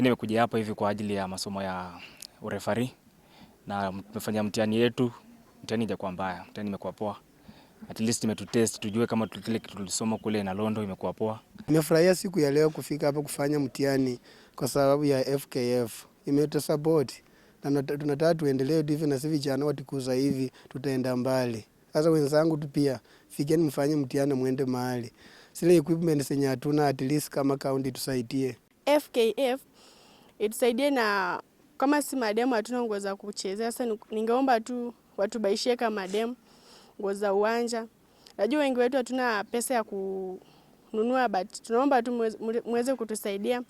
Mimi nimekuja hapa hivi kwa ajili ya masomo ya urefari na tumefanya mtihani yetu. Mtihani ijakuwa mbaya, mtihani imekuwa poa. At least imetutest tujue kama kile kitu tulisoma kule na Londo imekuwa poa. Nimefurahia siku ya leo kufika hapa kufanya mtihani kwa sababu ya FKF. Imetusupport na tunataka tuendelee hivi, na si vijana watikuza hivi, tutaenda mbali. Sasa wenzangu tu pia fikeni, mfanye mtihani mwende mahali, sile equipment zenye hatuna, at least kama kaunti tusaidie. FKF itusaidie, na kama si mademu hatuna nguo za kuchezea. Sasa ningeomba tu watubaishie kama mademu nguo za uwanja. Najua wengi wetu hatuna pesa ya kununua, but tunaomba tu muweze kutusaidia.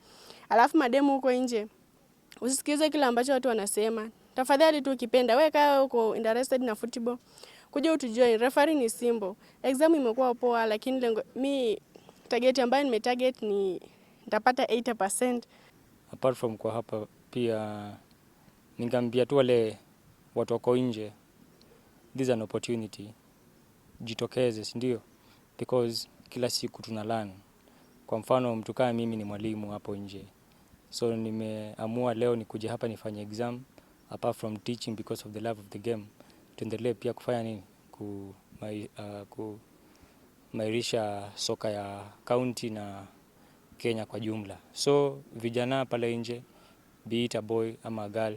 Alafu mademu huko nje, usisikize kile ambacho watu wanasema. Tafadhali tu ukipenda wewe, kaa huko interested na football, kuja utujoin. Referee ni Simbo. Exam imekuwa poa, lakini lengo mi target ambayo nime target ni nitapata 80% apart from kwa hapa pia ningambia tu wale watu wako nje, this is an opportunity, jitokeze, si ndio? Because kila siku tuna learn. Kwa mfano mtu kama mimi ni mwalimu hapo nje, so nimeamua leo kuja hapa nifanye exam apart from teaching because of the love of the game, tuendelee pia kufanya nini ku, uh, ku mairisha soka ya kaunti na Kenya kwa jumla. So vijana pale nje, be it a boy ama a girl,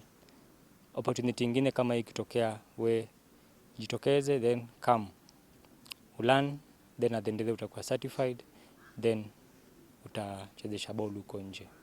opportunity nyingine kama ikitokea, we jitokeze, then come ulan, then at the end utakuwa certified, then utachezesha ball huko nje.